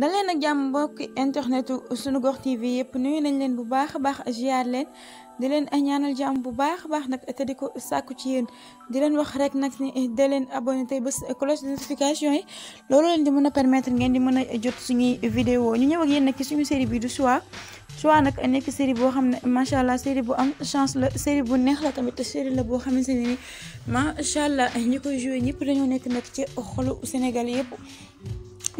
daleen ak jàmm mbokk internetu Sunugox TV yëpp nuyu nañ leen bu baax a baax ziar leen di leen a ñaanal jàmm bu baax a baax nag te di ko sàkku ci yéen di leen wax rek nag ni leen abonné tey bés cloche de yi loolu leen di mën a permettre ngeen di mën a jot suñuy video ñu ñëw ak yéen nag ci suñu série bi du choix soit nag nekk série boo xam ne macha allah série bu am chance la série bu neex la tamit série la boo xamante ne ni macha allah ñi koy joué ñëpp dañoo nekk nag ci xolu Sénégal yëpp.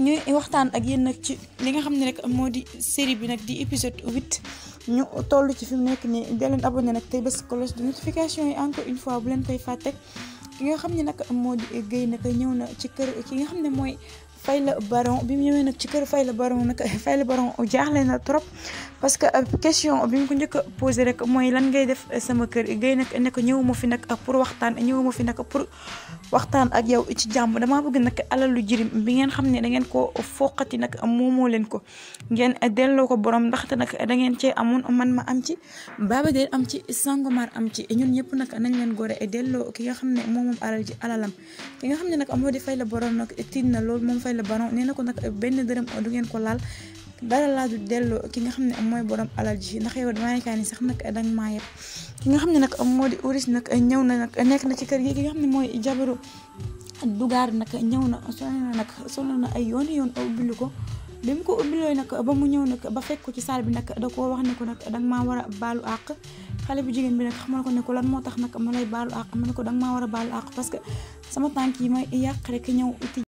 ñuy waxtaan ak yéen nag ci li nga xam ne rek moo di série bi nag di épisode huit ñu toll ci fi mu nekk nii da leen abonné nag tey bés cloche de notification yi encore une fois bu leen koy fàtte ki nga xam ne nag moo di Guèye nag ñëw na ci kër ki nga xam ne mooy Fayla Baron bi mu ñëwee nag ci kër Fayla Baron nag Fayla Baron jaaxle na trop parce que euh, question bi mu ko njëkk a posé rek mooy lan ngay def euh, sama kër gay nag ne ko ñëwuma fi nag pour waxtaan ñëwuma fi nag pour waxtaan ak yow ci jàmm damaa bëgg nag alalu jirim bi ngeen xam ne da ngeen ko foqati nag moomoo leen ko ngeen delloo ko borom ndaxte nag da ngeen cee amoon man ma am ci baaba deen am ci sangomar am ci ñun ñëpp nag nañ leen gore delloo ki nga xam ne moomoom alal ji alalam ki nga xam ne nag moo di Fayla Baron nag tiit na loolu moom mooy le baron nee na ko nag euh, benn dërëm a ngeen ko laal dara laa du delloo ki nga xam ne mooy borom alal ji ndax yow na nag nekk na ci kër gi ki nga xam na yoon ba mu ñëw nag ba fekk ko ci bi nag da koo wax ne ko nag danga maa a baalu àq bi nag xamal ko ne ko lan moo tax nag ma lay baalu àq ma ne ko danga maa war a baalu àq parce que sama tànk yi may yàq rek ñëw uti